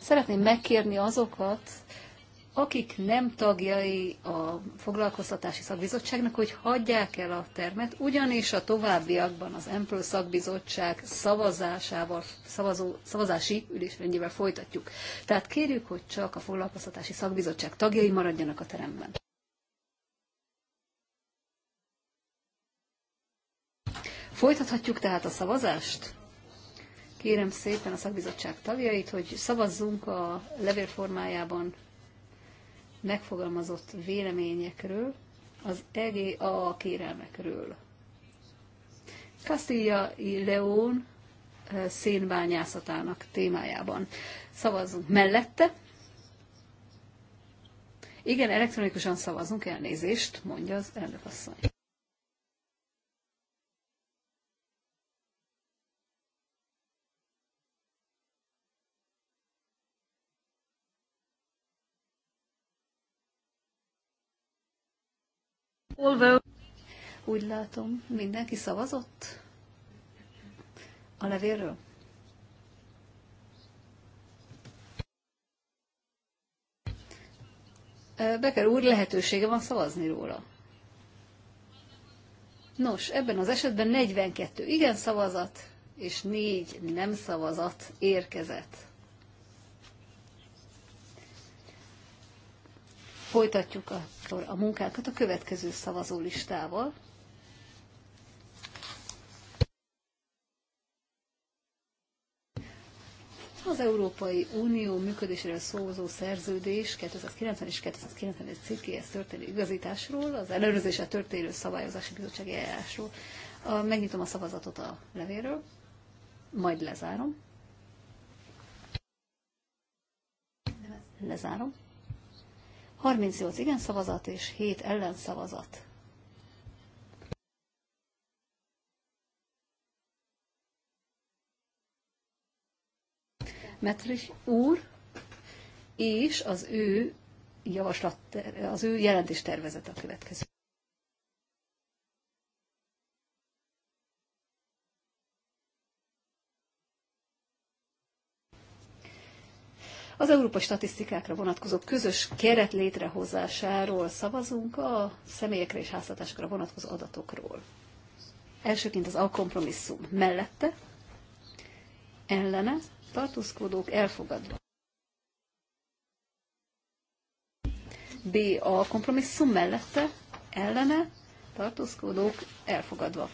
Szeretném megkérni azokat, akik nem tagjai a foglalkoztatási szakbizottságnak, hogy hagyják el a termet, ugyanis a továbbiakban az Empről szakbizottság szavazásával, szavazó, szavazási ülésrendjével folytatjuk. Tehát kérjük, hogy csak a foglalkoztatási szakbizottság tagjai maradjanak a teremben. Folytathatjuk tehát a szavazást? Kérem szépen a szakbizottság tagjait, hogy szavazzunk a levélformájában megfogalmazott véleményekről, az EGA kérelmekről. Castilla y León eh, szénbányászatának témájában. Szavazzunk mellette. Igen, elektronikusan szavazunk, elnézést, mondja az elnökasszony. Úgy látom, mindenki szavazott a levélről. Becker úr lehetősége van szavazni róla. Nos, ebben az esetben 42 igen szavazat és 4 nem szavazat érkezett. Folytatjuk akkor a munkákat a következő szavazólistával. Az Európai Unió működéséről szózó szerződés 2090 és 2091 cikkéhez történő igazításról, az előrözése történő szabályozási bizottsági eljárásról. megnyitom a szavazatot a levéről, majd lezárom. Lezárom. 38 igen szavazat és 7 ellen szavazat. Metrich úr és az ő javaslat, az ő jelentés tervezet a következő. Az európai statisztikákra vonatkozó közös keret létrehozásáról szavazunk a személyekre és háztartásokra vonatkozó adatokról. Elsőként az alkompromisszum mellette, ellene, tartózkodók elfogadva. B. A kompromisszum mellette, ellene, tartózkodók elfogadva.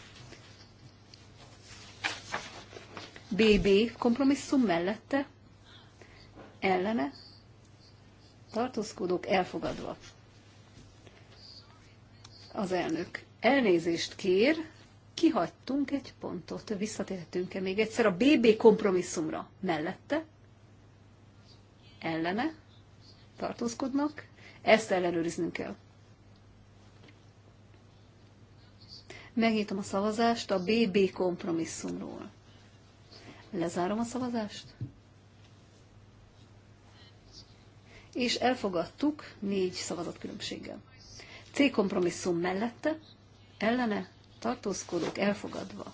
BB kompromisszum mellette, ellene, tartózkodók elfogadva. Az elnök elnézést kér, kihagytunk egy pontot, visszatérhetünk-e még egyszer a BB kompromisszumra mellette, ellene, tartózkodnak, ezt ellenőriznünk kell. Megnyitom a szavazást a BB kompromisszumról. Lezárom a szavazást. és elfogadtuk négy szavazat különbséggel. C kompromisszum mellette, ellene tartózkodók elfogadva.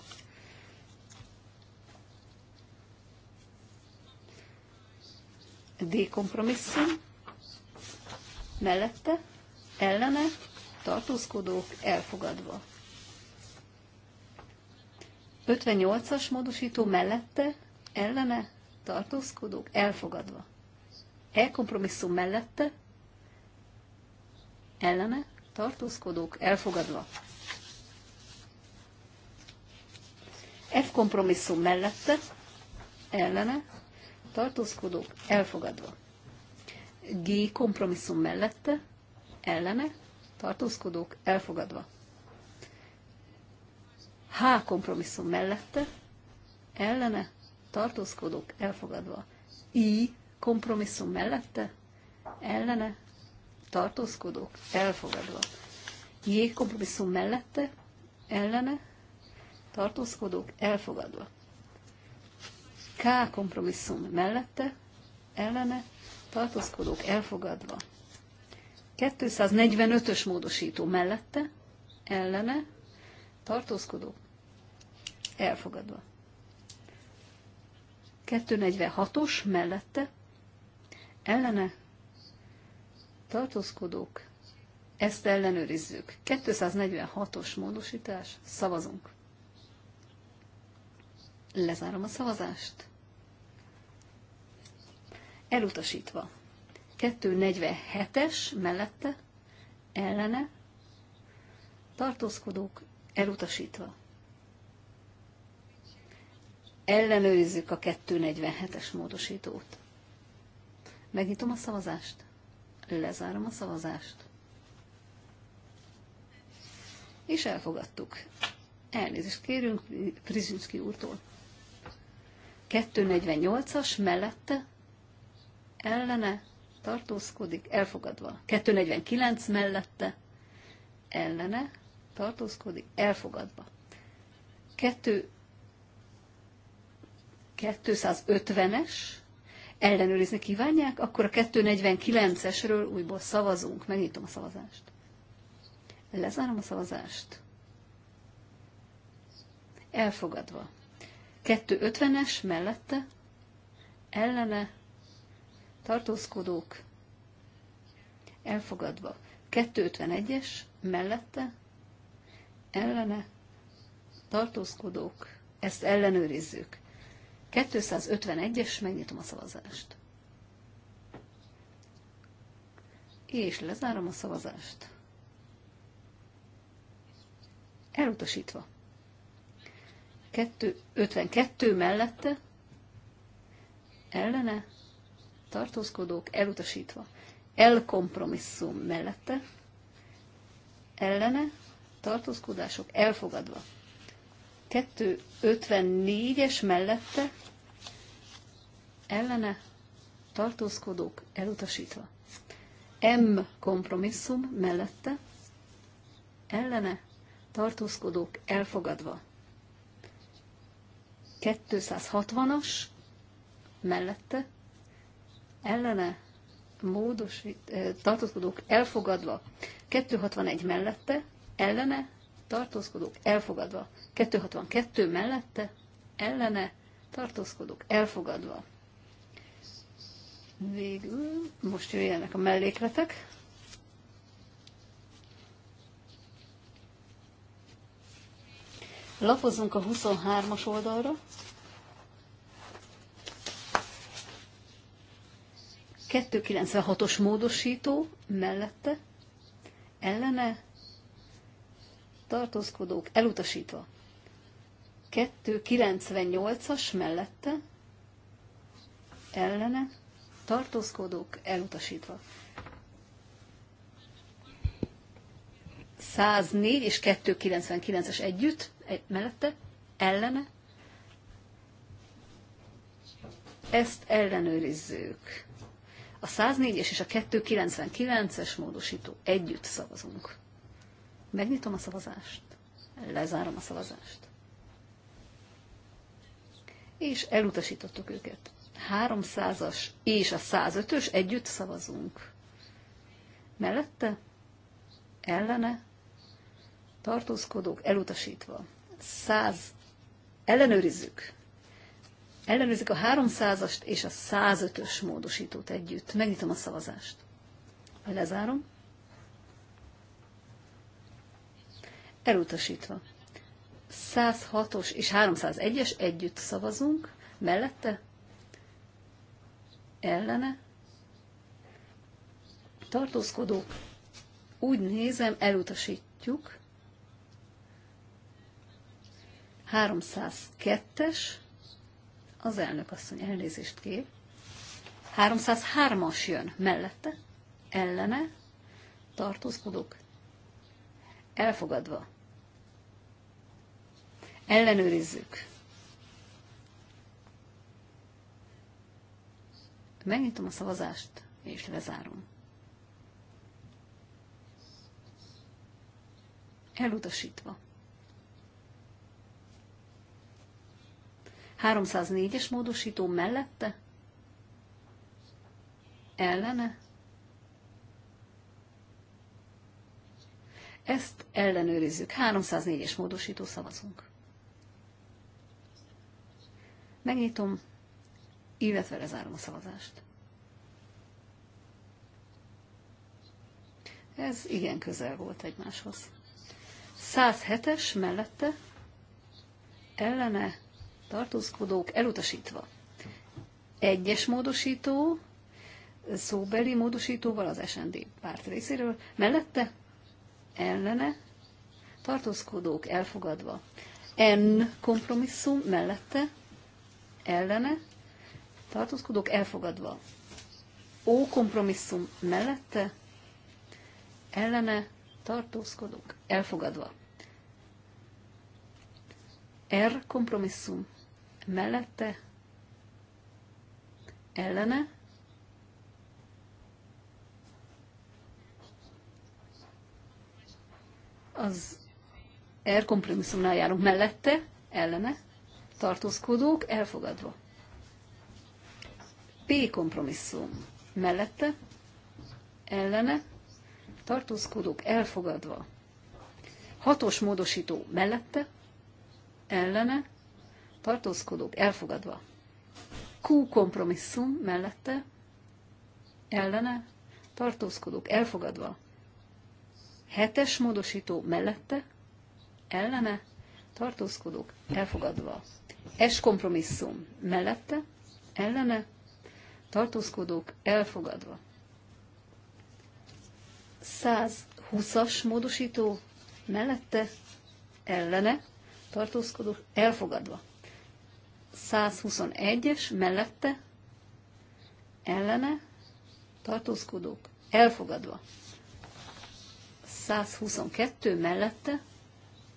D kompromisszum mellette, ellene tartózkodók elfogadva. 58-as módosító mellette, ellene tartózkodók elfogadva. E kompromisszum mellette ellene tartózkodók elfogadva. F kompromisszum mellette ellene tartózkodók elfogadva. G kompromisszum mellette ellene tartózkodók elfogadva. H kompromisszum mellette ellene tartózkodók elfogadva. I kompromisszum mellette, ellene, tartózkodók, elfogadva. J kompromisszum mellette, ellene, tartózkodók, elfogadva. K kompromisszum mellette, ellene, tartózkodók, elfogadva. 245-ös módosító mellette, ellene, tartózkodók, elfogadva. 246-os mellette, ellene tartózkodók, ezt ellenőrizzük. 246-os módosítás, szavazunk. Lezárom a szavazást. Elutasítva. 247-es mellette, ellene, tartózkodók elutasítva. Ellenőrizzük a 247-es módosítót. Megnyitom a szavazást. Lezárom a szavazást. És elfogadtuk. Elnézést kérünk Prizinski úrtól. 248-as mellette ellene tartózkodik, elfogadva. 249 mellette ellene tartózkodik, elfogadva. 2 250-es ellenőrizni kívánják, akkor a 249-esről újból szavazunk. Megnyitom a szavazást. Lezárom a szavazást. Elfogadva. 250-es mellette, ellene, tartózkodók, elfogadva. 251-es mellette, ellene, tartózkodók, ezt ellenőrizzük. 251-es, megnyitom a szavazást. És lezárom a szavazást. Elutasítva. 252 mellette, ellene, tartózkodók, elutasítva. Elkompromisszum mellette, ellene, tartózkodások, elfogadva. 254-es mellette, ellene tartózkodók elutasítva. M kompromisszum mellette ellene tartózkodók elfogadva. 260-as mellette ellene módosít, eh, tartózkodók elfogadva. 261 mellette ellene tartózkodók elfogadva. 262 mellette ellene tartózkodók elfogadva. Végül most jöjjenek a mellékletek. Lapozzunk a 23-as oldalra. os módosító mellette ellene tartózkodók elutasítva. 298-as mellette ellene tartózkodók elutasítva. 104 és 299-es együtt, egy, mellette, ellene. Ezt ellenőrizzük. A 104-es és a 299-es módosító együtt szavazunk. Megnyitom a szavazást, lezárom a szavazást. És elutasítottuk őket. 300-as és a 105-ös együtt szavazunk. Mellette, ellene, tartózkodók elutasítva. 100 ellenőrizzük. Ellenőrizzük a 300-ast és a 105-ös módosítót együtt. Megnyitom a szavazást. Lezárom. Elutasítva. 106-os és 301-es együtt szavazunk. Mellette ellene tartózkodók, úgy nézem, elutasítjuk. 302-es, az elnök asszony elnézést kér. 303-as jön mellette, ellene, tartózkodók, elfogadva. Ellenőrizzük. Megnyitom a szavazást, és lezárom. Elutasítva. 304-es módosító mellette? Ellene? Ezt ellenőrizzük. 304-es módosító szavazunk. Megnyitom illetve lezárom a szavazást. Ez igen közel volt egymáshoz. 107-es mellette ellene tartózkodók elutasítva. Egyes módosító, szóbeli módosítóval az SND párt részéről, mellette ellene tartózkodók elfogadva. N kompromisszum mellette ellene tartózkodók elfogadva. Ó kompromisszum mellette, ellene tartózkodók elfogadva. R kompromisszum mellette, ellene, az R kompromisszumnál járunk mellette, ellene, tartózkodók elfogadva. P kompromisszum mellette, ellene, tartózkodók elfogadva. Hatos módosító mellette, ellene, tartózkodók elfogadva. Q kompromisszum mellette, ellene, tartózkodók elfogadva. Hetes módosító mellette, ellene, tartózkodók elfogadva. S kompromisszum mellette, ellene, tartózkodók elfogadva. 120-as módosító mellette ellene tartózkodók elfogadva. 121-es mellette ellene tartózkodók elfogadva. 122 mellette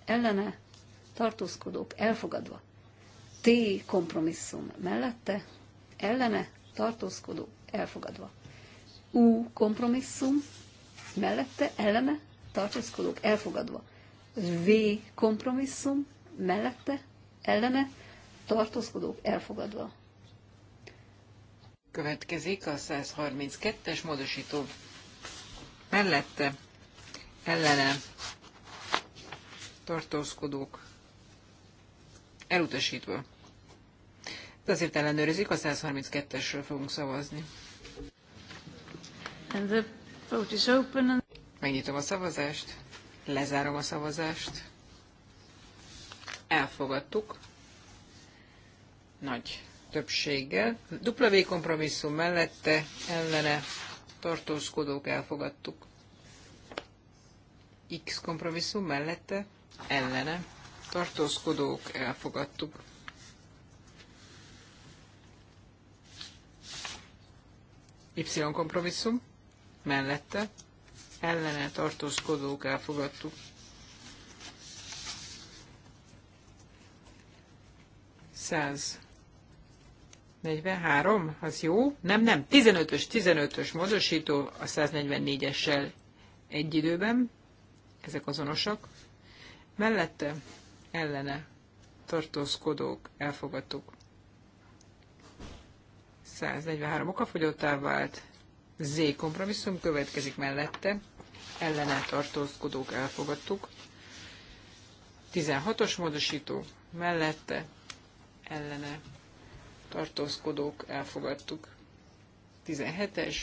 ellene tartózkodók elfogadva. T kompromisszum mellette ellene tartózkodó, elfogadva. U kompromisszum, mellette, eleme, tartózkodók, elfogadva. V kompromisszum, mellette, eleme, tartózkodók, elfogadva. Következik a 132-es módosító. Mellette, ellene, tartózkodók, elutasítva azért ellenőrizik, a 132-esről fogunk szavazni. And the vote is open and... Megnyitom a szavazást, lezárom a szavazást. Elfogadtuk. Nagy többséggel. W kompromisszum mellette ellene tartózkodók elfogadtuk. X kompromisszum mellette ellene tartózkodók elfogadtuk. Y kompromisszum mellette ellene tartózkodók elfogadtuk. Száz. 43, az jó. Nem, nem, 15-ös, 15-ös módosító a 144-essel egy időben. Ezek azonosak. Mellette ellene tartózkodók elfogadtuk. 143 okafogyottá vált, Z kompromisszum következik mellette, ellene tartózkodók elfogadtuk, 16-os módosító mellette, ellene tartózkodók elfogadtuk, 17-es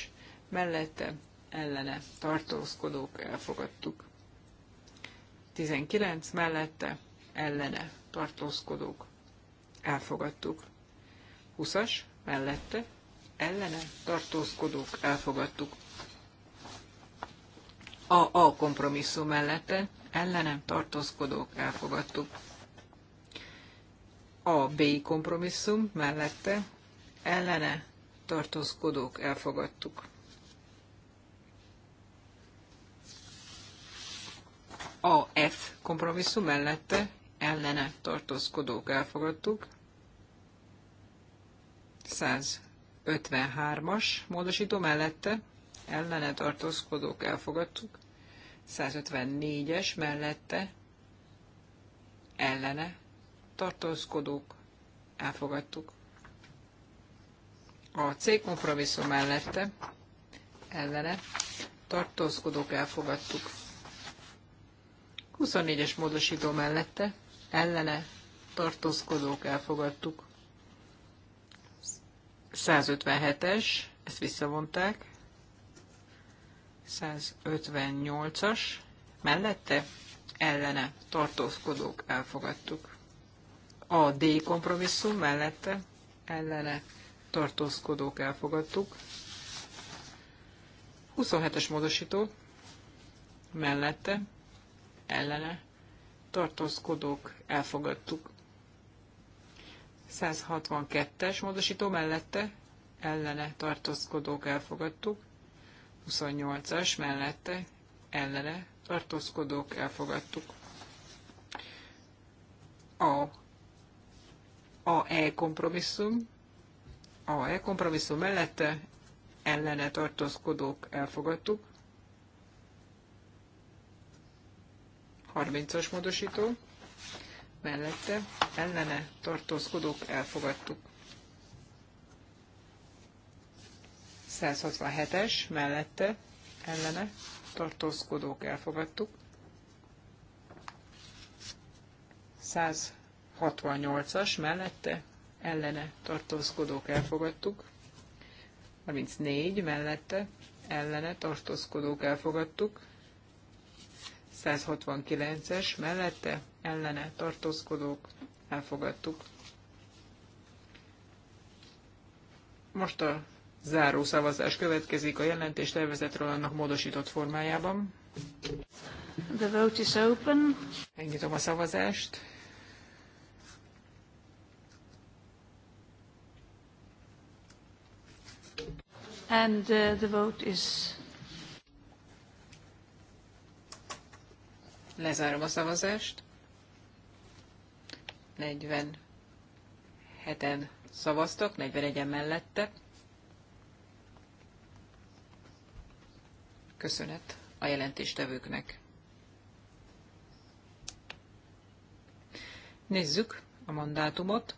mellette, ellene tartózkodók elfogadtuk, 19 mellette, ellene tartózkodók elfogadtuk. 20-as mellette, ellene tartózkodók elfogadtuk. A A kompromisszum mellette, ellene tartózkodók elfogadtuk. A B kompromisszum mellette, ellene tartózkodók elfogadtuk. A F kompromisszum mellette, ellene tartózkodók elfogadtuk. 153-as módosító mellette ellene tartózkodók elfogadtuk, 154-es mellette ellene tartózkodók elfogadtuk. A C kompromisszum mellette ellene tartózkodók elfogadtuk. 24-es módosító mellette ellene tartózkodók elfogadtuk. 157-es, ezt visszavonták. 158-as, mellette ellene tartózkodók elfogadtuk. A D kompromisszum mellette ellene tartózkodók elfogadtuk. 27-es módosító mellette ellene tartózkodók elfogadtuk. 162-es módosító mellette ellene tartózkodók elfogadtuk, 28-as mellette ellene tartózkodók elfogadtuk. A A E kompromisszum, E kompromisszum mellette ellene tartózkodók elfogadtuk. 30-as módosító mellette ellene tartózkodók elfogadtuk. 167-es mellette ellene tartózkodók elfogadtuk. 168-as mellette ellene tartózkodók elfogadtuk. 34 mellette ellene tartózkodók elfogadtuk. 169-es mellette ellene tartózkodók elfogadtuk. Most a záró szavazás következik a jelentés tervezetről annak módosított formájában. The vote is open. Megnyitom a szavazást. And uh, the vote is Lezárom a szavazást. 47-en szavaztok, 41-en mellette. Köszönet a jelentéstevőknek. Nézzük a mandátumot.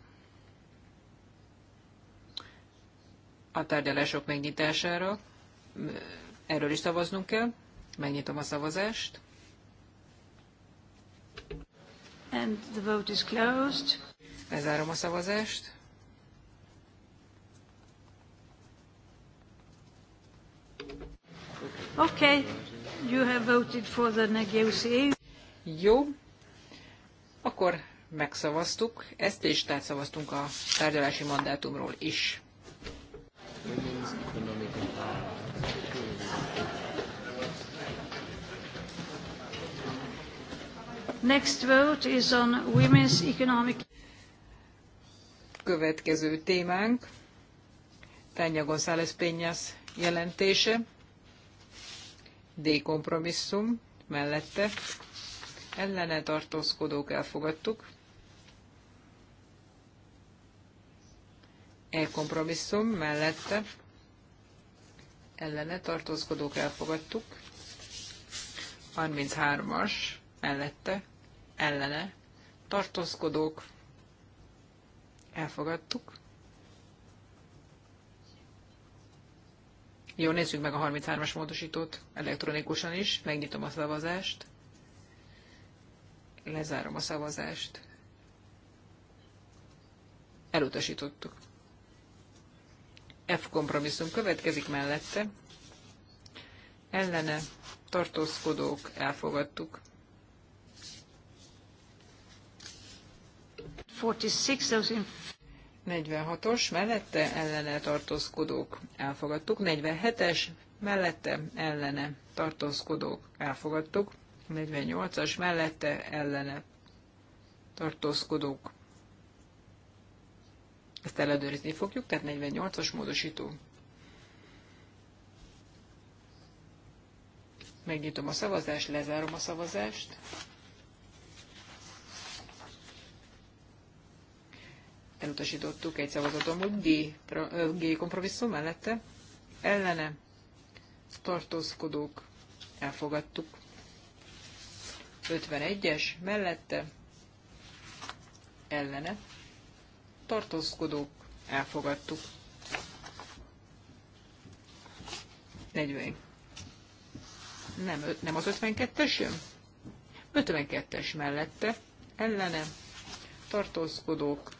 A tárgyalások megnyitására erről is szavaznunk kell. Megnyitom a szavazást. And the vote is closed. Lezárom a szavazást. Okay, you have voted for the negotiation. Jó, akkor megszavaztuk ezt, és tehát szavaztunk a tárgyalási mandátumról is. Next vote is on women's economic... Következő témánk Tanya González Peñas jelentése. D kompromisszum mellette ellene tartózkodók elfogadtuk. E kompromisszum mellette ellene tartózkodók elfogadtuk. 33-as mellette ellene tartózkodók elfogadtuk. Jó, nézzük meg a 33-as módosítót elektronikusan is. Megnyitom a szavazást. Lezárom a szavazást. Elutasítottuk. F kompromisszum következik mellette. Ellene tartózkodók elfogadtuk. 46-os 46-os mellette ellene tartózkodók elfogadtuk, 47-es mellette ellene tartózkodók elfogadtuk, 48-as mellette ellene tartózkodók. Ezt ellenőrizni fogjuk, tehát 48-as módosító. Megnyitom a szavazást, lezárom a szavazást. elutasítottuk egy szavazaton, hogy G, G kompromisszum mellette ellene tartózkodók elfogadtuk. 51-es mellette ellene tartózkodók elfogadtuk. 40. Nem, nem az 52-es jön? 52-es mellette ellene tartózkodók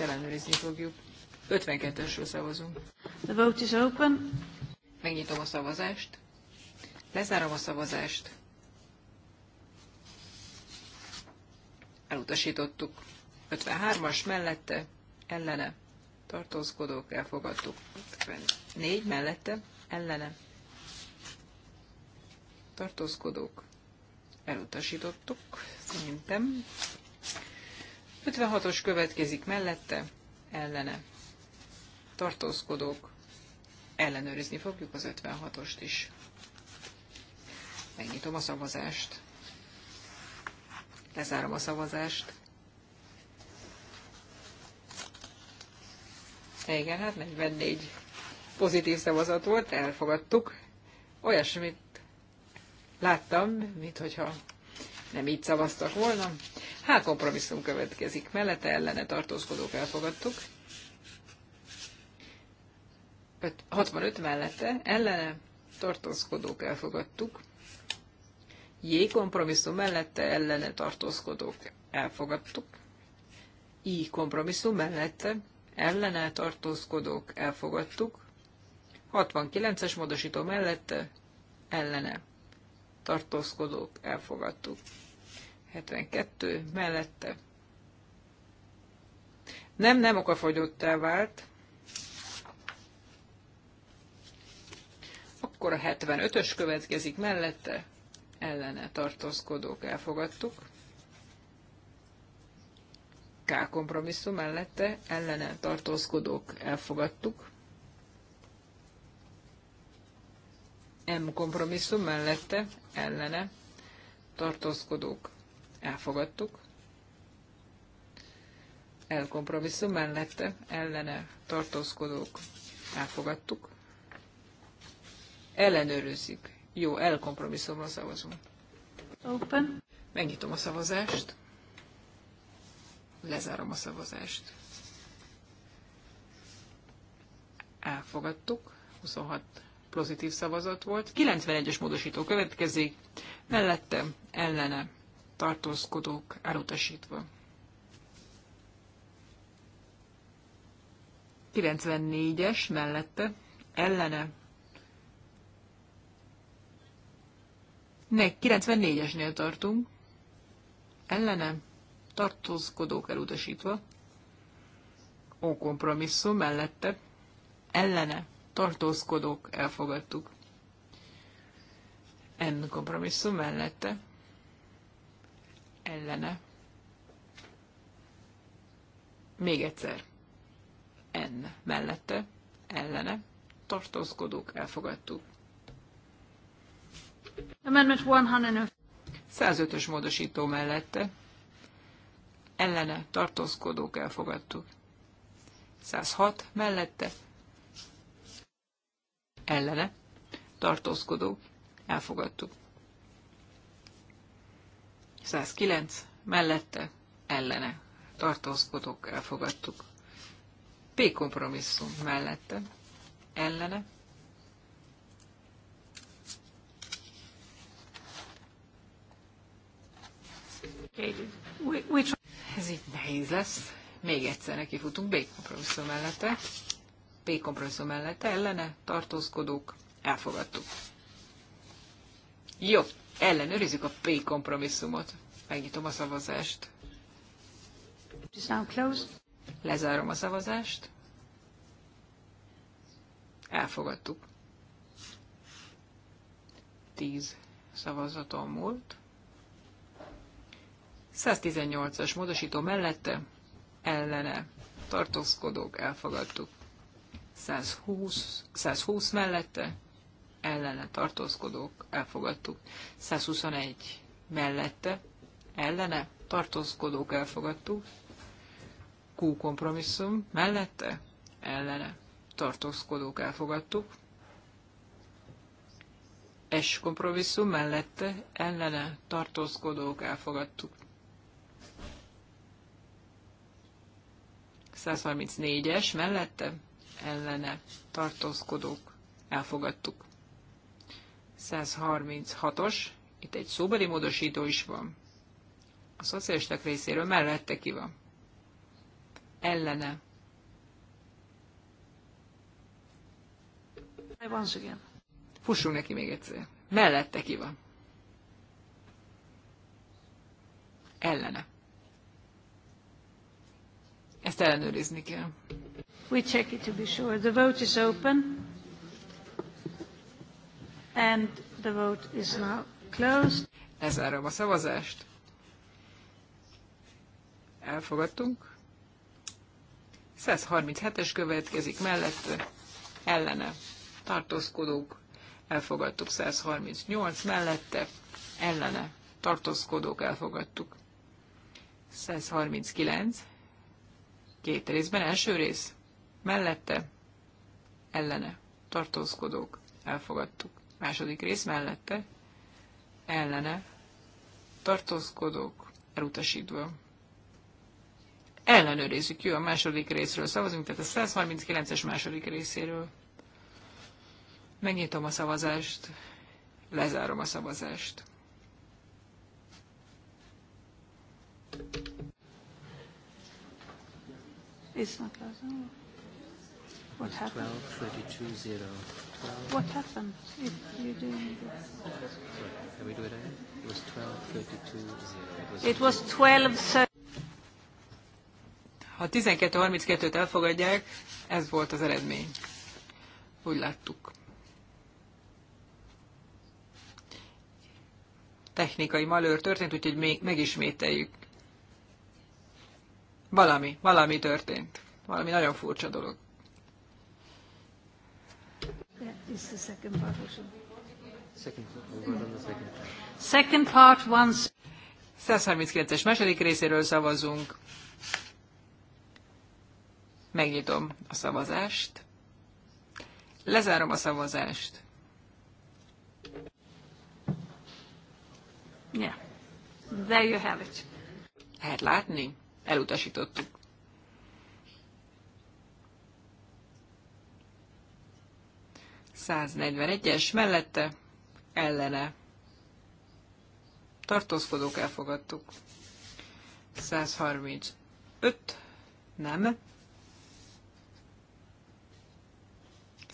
ellenőrizni fogjuk. 52-esről szavazunk. The vote is open. Megnyitom a szavazást. Lezárom a szavazást. Elutasítottuk. 53-as mellette, ellene, tartózkodók, elfogadtuk. 54 mellette, ellene, tartózkodók, elutasítottuk, szerintem. 56-os következik mellette, ellene. Tartózkodók, ellenőrizni fogjuk az 56-ost is. Megnyitom a szavazást. Lezárom a szavazást. Igen, hát 44 pozitív szavazat volt, elfogadtuk. Olyasmit láttam, mintha nem így szavaztak volna. Hát kompromisszum következik, mellette ellene tartózkodók elfogadtuk. 65 mellette ellene tartózkodók elfogadtuk. J kompromisszum mellette ellene tartózkodók elfogadtuk. I kompromisszum mellette ellene tartózkodók elfogadtuk. 69-es módosító mellette ellene tartózkodók elfogadtuk. 72 mellette. Nem, nem okafogyottá vált. Akkor a 75-ös következik mellette. Ellene tartózkodók elfogadtuk. K kompromisszum mellette ellene tartózkodók elfogadtuk. M kompromisszum mellette ellene tartózkodók elfogadtuk. Elkompromisszum mellette ellene tartózkodók elfogadtuk. Ellenőrizzük. Jó, elkompromisszumra szavazunk. Open. Megnyitom a szavazást. Lezárom a szavazást. Elfogadtuk. 26 pozitív szavazat volt. 91-es módosító következik. Mellette, ellene tartózkodók elutasítva. 94-es mellette ellene. Ne, 94-esnél tartunk. Ellene tartózkodók elutasítva. Ó kompromisszum mellette. Ellene tartózkodók elfogadtuk. N kompromisszum mellette ellene. Még egyszer. N mellette, ellene, tartózkodók, elfogadtuk. Amendment 105. 105-ös módosító mellette, ellene, tartózkodók, elfogadtuk. 106 mellette, ellene, tartózkodók, elfogadtuk. 109 mellette ellene tartózkodók elfogadtuk. P kompromisszum mellette ellene Ez így nehéz lesz. Még egyszer nekifutunk B kompromisszum mellette. P kompromisszum mellette ellene tartózkodók elfogadtuk. Jó, ellenőrizzük a P kompromisszumot. Megnyitom a szavazást. Lezárom a szavazást. Elfogadtuk. Tíz szavazaton múlt. 118-as módosító mellette ellene tartózkodók elfogadtuk. 120, 120 mellette ellene tartózkodók elfogadtuk. 121 mellette ellene tartózkodók elfogadtuk. Q kompromisszum mellette ellene tartózkodók elfogadtuk. S kompromisszum mellette ellene tartózkodók elfogadtuk. 134-es mellette ellene tartózkodók elfogadtuk. 136-os, itt egy szóbeli módosító is van. A szocialisták részéről mellette ki van. Ellene. Once again. Fussunk neki még egyszer. Mellette ki van. Ellene. Ezt ellenőrizni kell. We check it to be sure. The vote is open. And the vote is now closed. Lezárom a szavazást. Elfogadtunk. 137-es következik mellette, ellene tartózkodók, elfogadtuk 138 mellette, ellene tartózkodók, elfogadtuk 139, két részben, első rész, mellette, ellene tartózkodók, elfogadtuk Második rész mellette ellene tartózkodók elutasítva. Ellenőrizzük, jó, a második részről szavazunk, tehát a 139-es második részéről. Megnyitom a szavazást, lezárom a szavazást. It's not closing. What happened? 12, 32, 0. What happened if you doing this? Sorry, can we do it again? It was 12.32.0. It was 12. Ha 12.32-t elfogadják, ez volt az eredmény. Úgy láttuk. Technikai malőr történt, úgyhogy még megismételjük. Valami, valami történt. Valami nagyon furcsa dolog the second part also. Second, second. second part once. 139-es második részéről szavazunk. Megnyitom a szavazást. Lezárom a szavazást. Yeah. There you have it. Lehet látni? Elutasítottuk. 141-es mellette ellene tartózkodók elfogadtuk. 135 nem.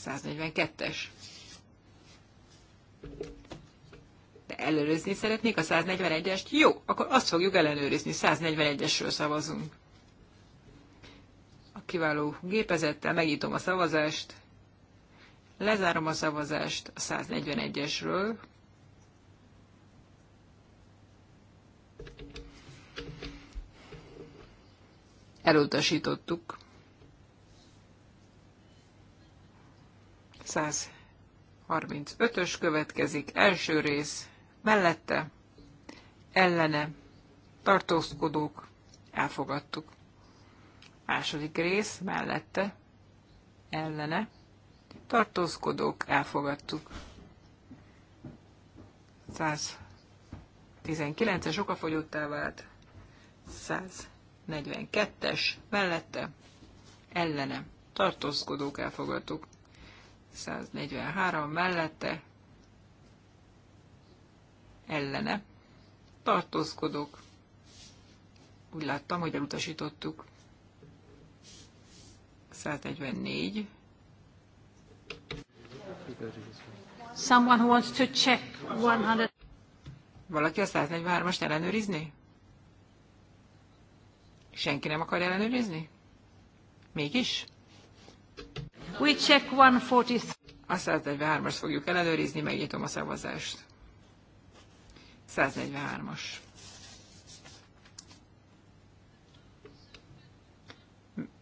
142-es. De ellenőrizni szeretnék a 141-est? Jó, akkor azt fogjuk ellenőrizni. 141-esről szavazunk. A kiváló gépezettel megítom a szavazást. Lezárom a szavazást a 141-esről. Elutasítottuk. 135-ös következik, első rész, mellette, ellene, tartózkodók, elfogadtuk. Második rész, mellette, ellene, tartózkodók, elfogadtuk. 119-es okafogyottá vált, 142-es mellette, ellene, tartózkodók, elfogadtuk. 143 mellette, ellene, tartózkodók. Úgy láttam, hogy elutasítottuk. 144 Someone who wants to check 100. Valaki a 143-ast ellenőrizni? Senki nem akar ellenőrizni? Mégis? We check 143. A 143-as fogjuk ellenőrizni, megnyitom a szavazást. 143-as.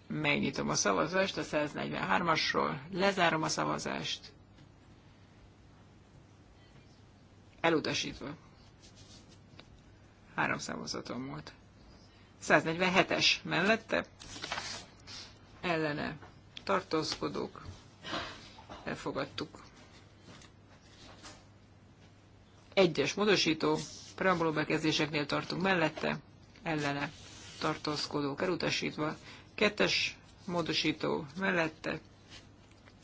Megnyitom a szavazást a 143-asról, lezárom a szavazást. Elutasítva. Három szavazatom volt. 147-es mellette. Ellene. Tartózkodók. Elfogadtuk. Egyes módosító. Preambuló bekezdéseknél tartunk mellette. Ellene. Tartózkodók elutasítva. Kettes módosító mellette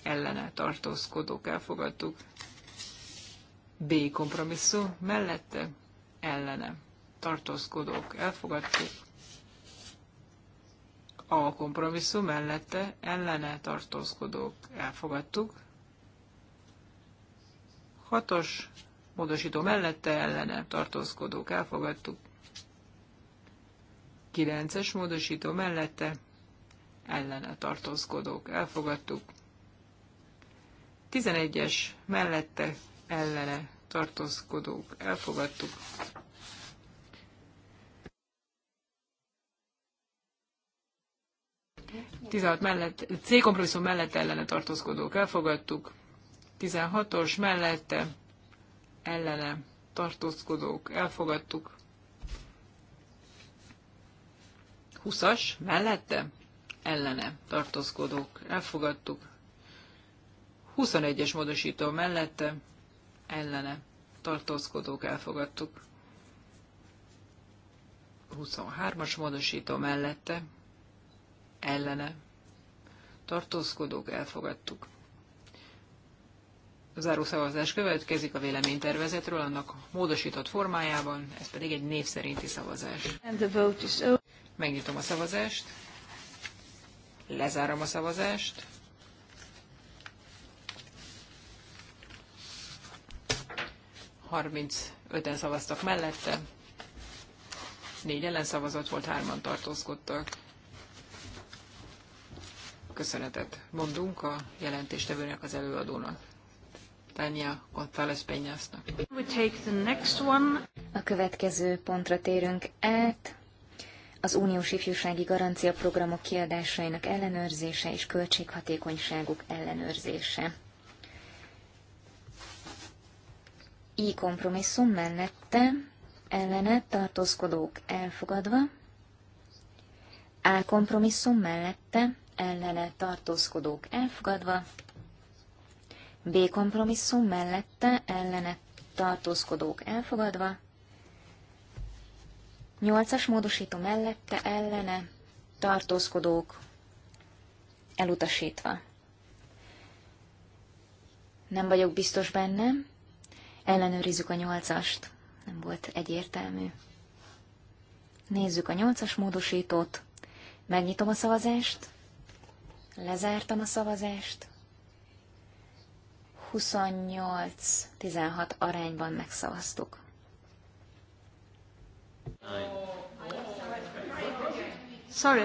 ellene tartózkodók elfogadtuk, B kompromisszum mellette ellene tartózkodók elfogadtuk. A kompromisszum mellette ellene tartózkodók elfogadtuk. Hatos módosító mellette ellene tartózkodók elfogadtuk. Kilences módosító mellette ellene tartózkodók elfogadtuk. 11-es mellette ellene tartózkodók elfogadtuk. Tizenhat mellett, C kompromisszum mellett ellene tartózkodók elfogadtuk. 16-os mellette ellene tartózkodók elfogadtuk. 20-as mellette ellene tartózkodók elfogadtuk. 21-es módosító mellette ellene tartózkodók elfogadtuk. 23-as módosító mellette ellene tartózkodók elfogadtuk. A zárószavazás következik a véleménytervezetről, annak módosított formájában, ez pedig egy név szerinti szavazás. Megnyitom a szavazást, lezárom a szavazást, 35-en szavaztak mellette, 4 ellenszavazat volt, 3-an tartózkodtak. Köszönetet mondunk a jelentéstevőnek az előadónak. Tanya, González Penyásznak. We take the next one. A következő pontra térünk át. Az uniós ifjúsági garancia programok kiadásainak ellenőrzése és költséghatékonyságuk ellenőrzése. I kompromisszum mellette, ellene tartózkodók elfogadva, A kompromisszum mellette, ellene tartózkodók elfogadva, B kompromisszum mellette, ellene tartózkodók elfogadva, 8-as módosító mellette, ellene tartózkodók elutasítva. Nem vagyok biztos benne, Ellenőrizzük a nyolcast. Nem volt egyértelmű. Nézzük a nyolcas módosítót. Megnyitom a szavazást. Lezártam a szavazást. 28-16 arányban megszavaztuk. Sorry.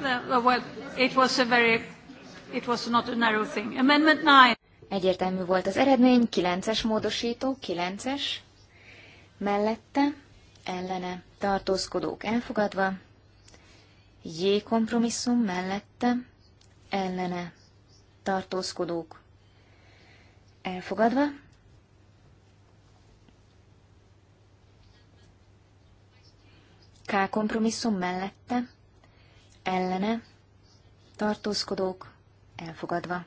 No, well, it was a very It was not a narrow thing. Amendment 9. Egyértelmű volt az eredmény, 9-es módosító, 9-es, mellette, ellene, tartózkodók elfogadva, J kompromisszum mellette, ellene, tartózkodók elfogadva, K kompromisszum mellette, ellene, tartózkodók elfogadva elfogadva.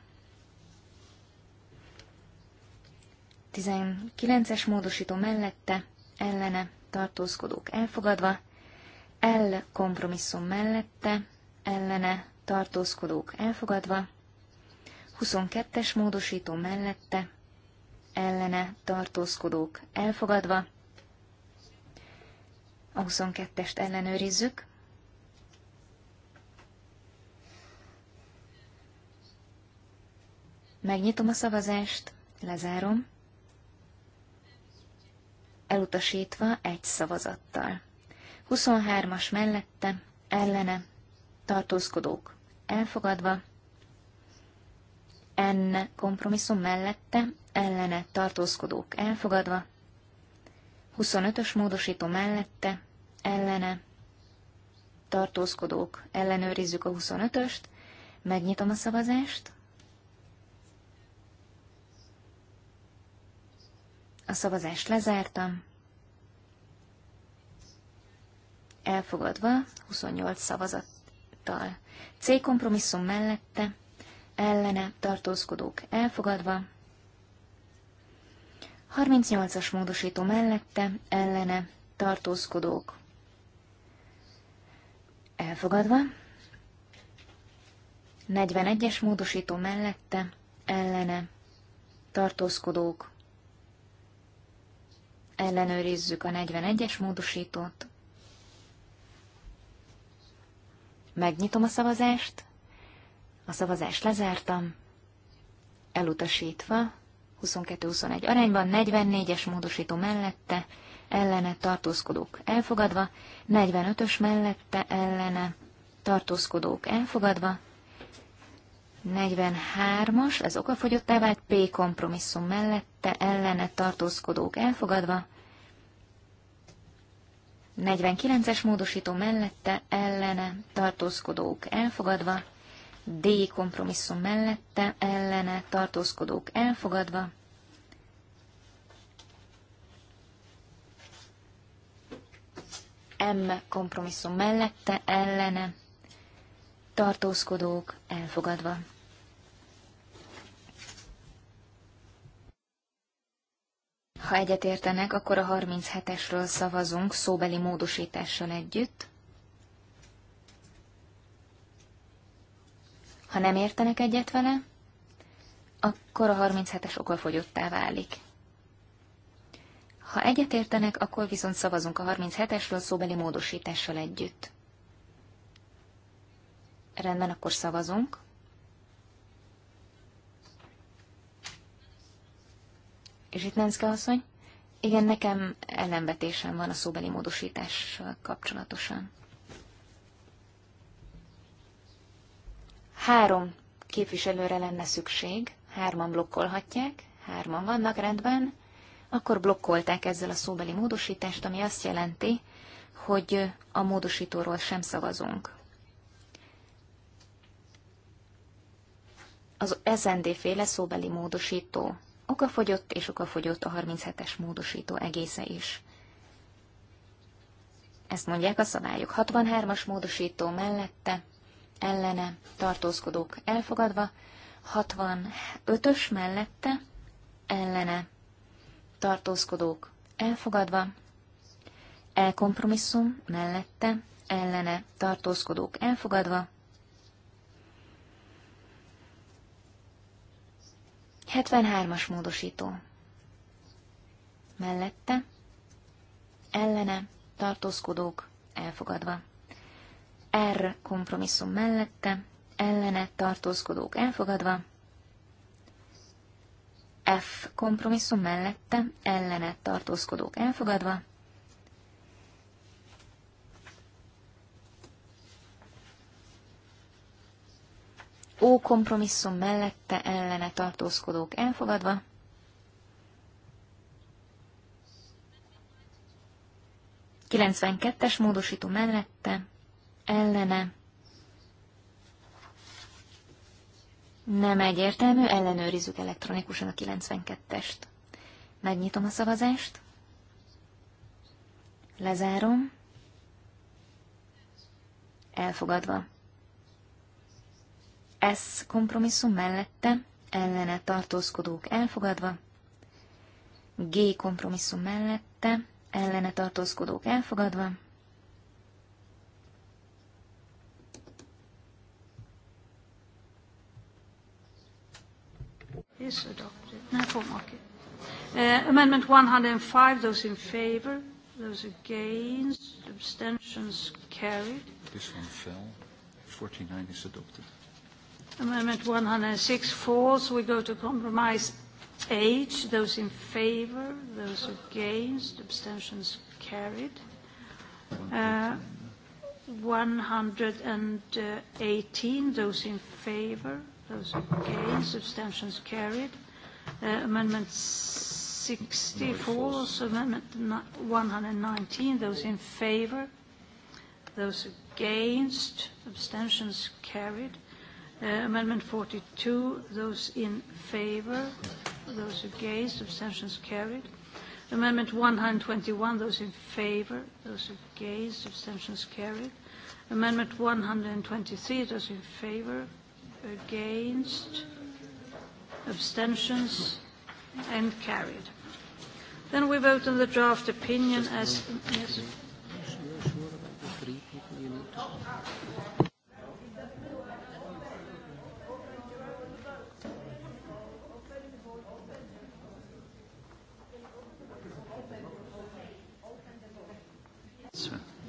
19-es módosító mellette, ellene, tartózkodók elfogadva, L kompromisszum mellette, ellene, tartózkodók elfogadva, 22-es módosító mellette, ellene, tartózkodók elfogadva, a 22-est ellenőrizzük, Megnyitom a szavazást, lezárom. Elutasítva egy szavazattal. 23-as mellette, ellene, tartózkodók. Elfogadva. N kompromisszum mellette, ellene, tartózkodók. Elfogadva. 25-ös módosító mellette, ellene, tartózkodók. Ellenőrizzük a 25-öst. Megnyitom a szavazást. A szavazást lezártam. Elfogadva 28 szavazattal. C kompromisszum mellette, ellene tartózkodók elfogadva. 38-as módosító mellette, ellene tartózkodók elfogadva. 41-es módosító mellette, ellene tartózkodók ellenőrizzük a 41-es módosítót. Megnyitom a szavazást, a szavazást lezártam, elutasítva, 22-21 arányban, 44-es módosító mellette, ellene tartózkodók elfogadva, 45-ös mellette ellene tartózkodók elfogadva, 43-as, ez okafogyottá vált, P kompromisszum mellette, ellene tartózkodók elfogadva, 49-es módosító mellette, ellene tartózkodók elfogadva, D kompromisszum mellette, ellene tartózkodók elfogadva, M kompromisszum mellette, tartózkodók elfogadva. Ha egyetértenek, akkor a 37-esről szavazunk szóbeli módosítással együtt. Ha nem értenek egyet vele, akkor a 37-es okolfogyottá válik. Ha egyetértenek, akkor viszont szavazunk a 37-esről szóbeli módosítással együtt. Rendben, akkor szavazunk. És itt Nenszke asszony? Igen, nekem ellenvetésem van a szóbeli módosítás kapcsolatosan. Három képviselőre lenne szükség, hárman blokkolhatják, hárman vannak rendben, akkor blokkolták ezzel a szóbeli módosítást, ami azt jelenti, hogy a módosítóról sem szavazunk. az SND féle szóbeli módosító. Okafogyott és okafogyott a 37-es módosító egésze is. Ezt mondják a szabályok. 63-as módosító mellette, ellene, tartózkodók elfogadva, 65-ös mellette, ellene, tartózkodók elfogadva, elkompromisszum mellette, ellene, tartózkodók elfogadva, 73-as módosító. Mellette, ellene, tartózkodók, elfogadva. R kompromisszum mellette, ellene, tartózkodók, elfogadva. F kompromisszum mellette, ellene, tartózkodók, elfogadva. Ó kompromisszum mellette ellene tartózkodók elfogadva. Kilencvenkettes módosító mellette ellene. Nem egyértelmű, ellenőrizzük elektronikusan a 92-est. Megnyitom a szavazást. Lezárom. Elfogadva ez kompromisszum mellette, ellene tartózkodók elfogadva, G kompromisszum mellette, ellene tartózkodók elfogadva, is adopted. Now for market. Uh, amendment 105, those in favor, those against, abstentions carried. This one fell. 49 is adopted. Amendment 106 falls. We go to compromise H. Those in favor, those against, abstentions carried. Uh, 118, uh, those in favor, those against, abstentions carried. Uh, amendment 60 falls. Amendment 119, those in favor, those against, abstentions carried. Uh, amendment 42, those in favor, those against, abstentions carried. Amendment 121, those in favor, those against, abstentions carried. Amendment 123, those in favor, against, abstentions, and carried. Then we vote on the draft opinion as... Yes,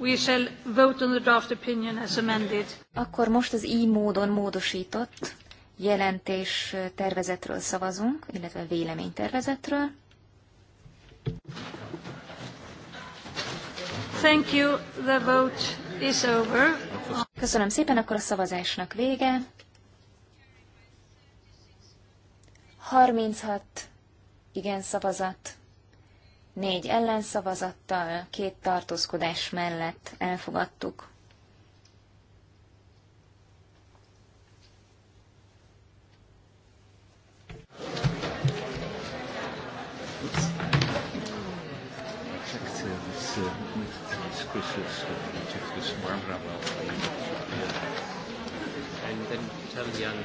We shall vote on the draft opinion as amended. Akkor most az így módon módosított jelentés tervezetről szavazunk, illetve véleménytervezetről. Thank you. The vote is over. Köszönöm szépen, akkor a szavazásnak vége. 36 igen szavazat, négy ellenszavazattal, két tartózkodás mellett elfogadtuk.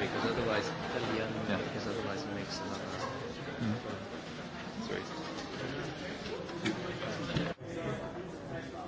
because otherwise tell Jan yeah. because otherwise it makes a lot of sense. Mm. hmm Sorry.